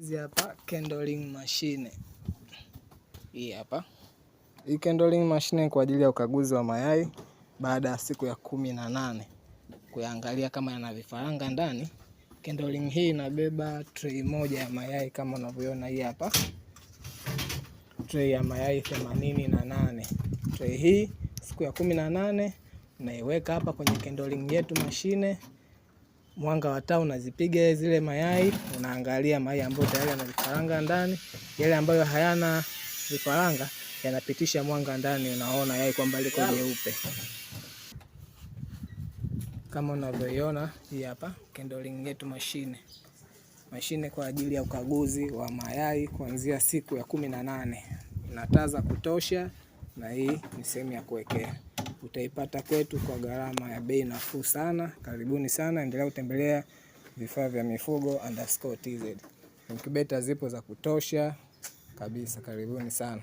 Hizi hapa candling machine. Hii hapa. Hii candling machine kwa ajili ya ukaguzi wa mayai baada ya siku ya kumi na nane kuyaangalia kama yana vifaranga ndani. Candling hii inabeba tray moja ya mayai kama unavyoona hii hapa. Tray ya mayai themanini na nane. Tray hii siku ya kumi na nane naiweka hapa kwenye candling yetu mashine mwanga wa taa unazipiga zile mayai, unaangalia mayai ambayo tayari yana vifaranga ndani. Yale ambayo hayana vifaranga yanapitisha mwanga ndani, unaona yai kwamba liko jeupe kama unavyoiona hii hapa kendoling yetu mashine mashine kwa ajili ya ukaguzi wa mayai kuanzia siku ya kumi na nane na taa za kutosha, na hii ni sehemu ya kuwekea utaipata kwetu kwa gharama ya bei nafuu sana. Karibuni sana, endelea kutembelea vifaa vya mifugo underscore tz. Incubator zipo za kutosha kabisa, karibuni sana.